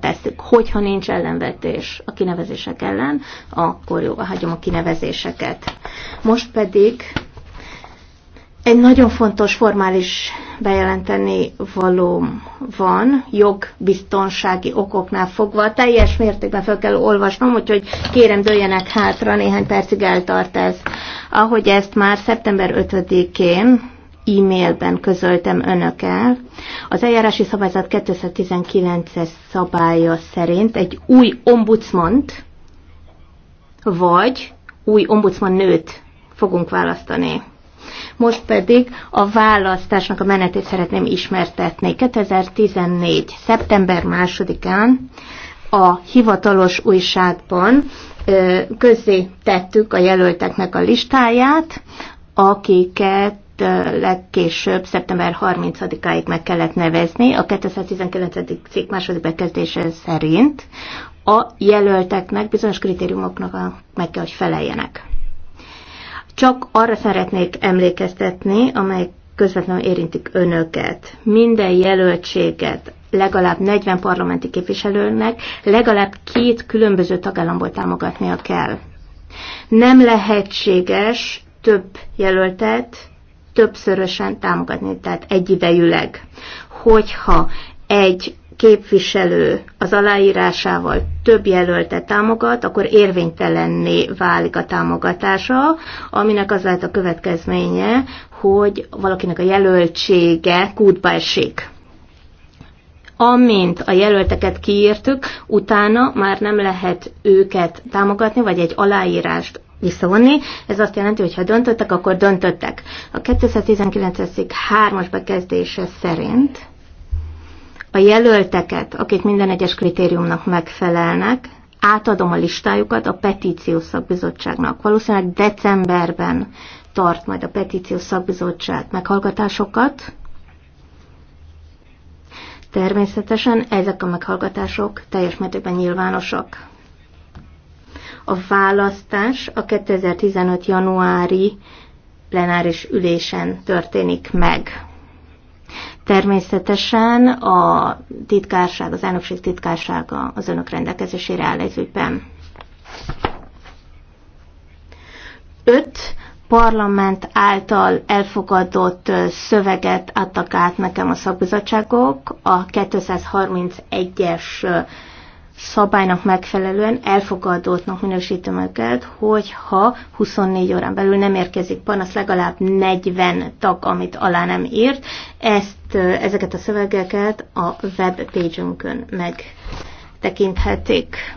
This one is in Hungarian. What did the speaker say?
tesszük, hogyha nincs ellenvetés a kinevezések ellen, akkor jó, hagyom a kinevezéseket. Most pedig egy nagyon fontos formális bejelenteni való van, jogbiztonsági okoknál fogva. Teljes mértékben fel kell olvasnom, úgyhogy kérem dőljenek hátra, néhány percig eltart ez. Ahogy ezt már szeptember 5-én e-mailben közöltem önökkel. Az eljárási szabályzat 219-es szabálya szerint egy új ombudsmant vagy új ombudsman nőt fogunk választani. Most pedig a választásnak a menetét szeretném ismertetni. 2014. szeptember 2-án a hivatalos újságban közé tettük a jelölteknek a listáját, akiket legkésőbb szeptember 30-áig meg kellett nevezni a 219. cikk második bekezdése szerint a jelölteknek bizonyos kritériumoknak meg kell, hogy feleljenek. Csak arra szeretnék emlékeztetni, amely közvetlenül érintik önöket. Minden jelöltséget legalább 40 parlamenti képviselőnek legalább két különböző tagállamból támogatnia kell. Nem lehetséges több jelöltet többszörösen támogatni, tehát egyidejűleg. Hogyha egy képviselő az aláírásával több jelöltet támogat, akkor érvénytelenné válik a támogatása, aminek az lehet a következménye, hogy valakinek a jelöltsége kútba esik. Amint a jelölteket kiírtuk, utána már nem lehet őket támogatni, vagy egy aláírást visszavonni. Ez azt jelenti, hogy ha döntöttek, akkor döntöttek. A 219-es cikk 3-as bekezdése szerint a jelölteket, akik minden egyes kritériumnak megfelelnek, átadom a listájukat a petíciós szakbizottságnak. Valószínűleg decemberben tart majd a petíciós szakbizottság meghallgatásokat. Természetesen ezek a meghallgatások teljes mértékben nyilvánosak a választás a 2015. januári plenáris ülésen történik meg. Természetesen a titkárság, az elnökség titkársága az önök rendelkezésére áll egy ügyben. Öt Parlament által elfogadott szöveget adtak át nekem a szakbizottságok a 231-es szabálynak megfelelően elfogadottnak minősítöm őket, hogyha 24 órán belül nem érkezik panasz, legalább 40 tag, amit alá nem írt. Ezt, ezeket a szövegeket a webpage-ünkön megtekinthetik.